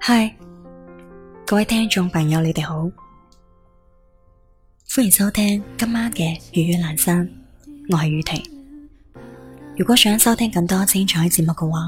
嗨，Hi, 各位聽眾朋友，你哋好，歡迎收聽今晚嘅粵語闌珊，我係雨婷。如果想收聽更多精彩節目嘅話，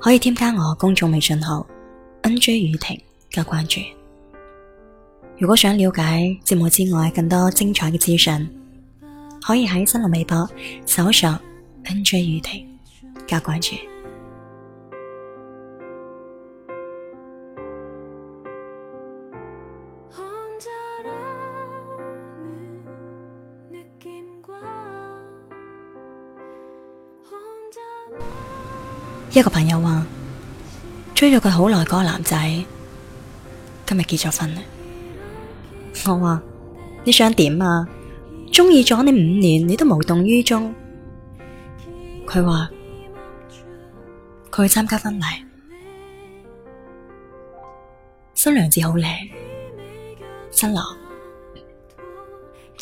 可以添加我公眾微信號 nj 雨婷加關注。如果想了解節目之外更多精彩嘅資訊，可以喺新浪微博搜索 NJ 雨婷加關注。 一個朋友話追咗佢好耐嗰個男仔，今日結咗婚啦。我話你想點啊？中意咗你五年，你都無動於衷。佢話佢去參加婚禮，新娘子好靚，新郎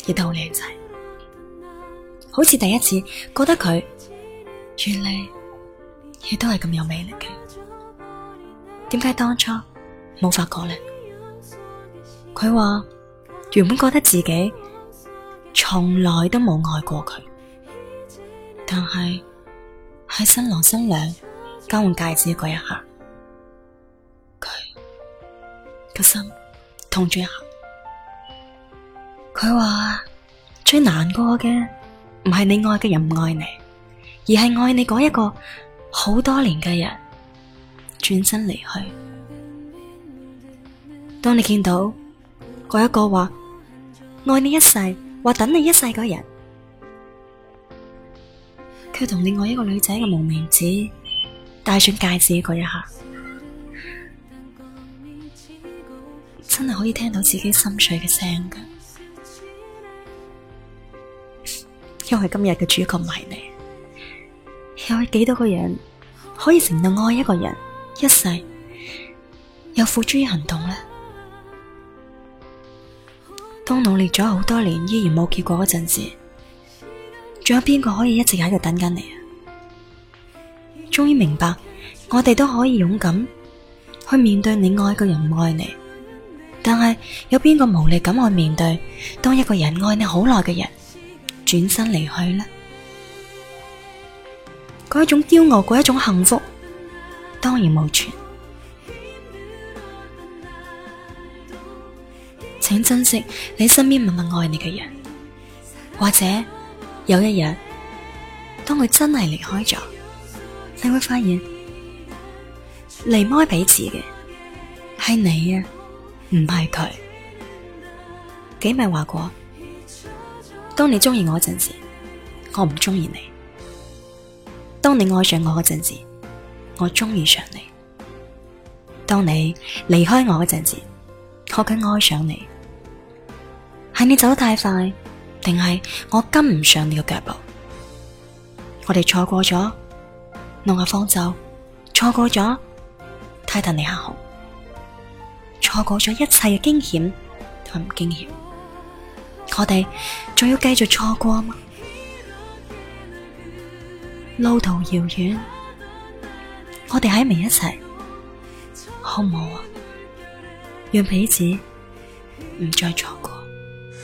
亦都好靚仔，好似第一次覺得佢原嚟亦都係咁有魅力嘅。點解當初冇發覺呢？佢話。原本覺得自己從來都冇愛過佢，但係喺新郎新娘交換戒指嗰一刻，佢個心痛咗一下。佢話最難過嘅唔係你愛嘅人唔愛你，而係愛你嗰一個好多年嘅人轉身離去。當你見到。嗰一個話愛你一世，話等你一世嗰人，佢同另外一個女仔嘅無名指戴上戒指嗰一下，真係可以聽到自己心碎嘅聲嘅。因為今日嘅主角唔係你，有幾多個人可以承諾愛一個人一世，又付諸於行動呢？當努力咗好多年依然冇結果嗰陣時，仲有邊個可以一直喺度等緊你啊？終於明白，我哋都可以勇敢去面對你愛嘅人唔愛你，但係有邊個無力咁去面對當一個人愛你好耐嘅人轉身離去咧？嗰一種驕傲，嗰一種幸福，當然冇存。請珍惜你身邊默默愛你嘅人，或者有一日，當佢真係離開咗，你會發現離唔開彼此嘅係你啊，唔係佢。幾米話過，當你鍾意我嗰陣時，我唔鍾意你；當你愛上我嗰陣時，我鍾意上你；當你離開我嗰陣時，我更愛上你。係你走得太快，定係我跟唔上你嘅腳步？我哋錯過咗諾亞方舟，錯過咗泰坦尼克號，錯過咗一切嘅驚險同埋唔驚險，我哋仲要繼續錯過嗎？路途遙遠，我哋喺埋一齊，好唔好啊？讓彼此唔再錯過。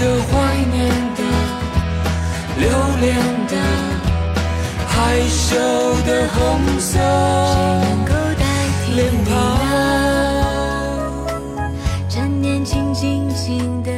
懷念的留戀的害羞的紅色臉龐，趁年輕，盡情的。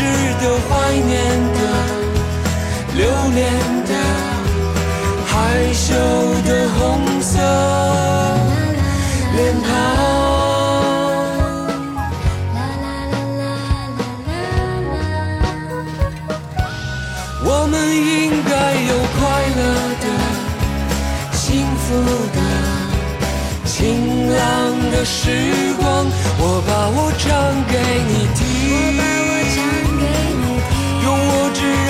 值得懷念的、留戀的、害羞的紅色臉龐。 我們應該有快樂的、幸福的、晴朗的時光，我把我唱給你聽。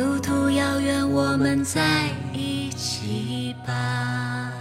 路途遙遠，我們在一起吧。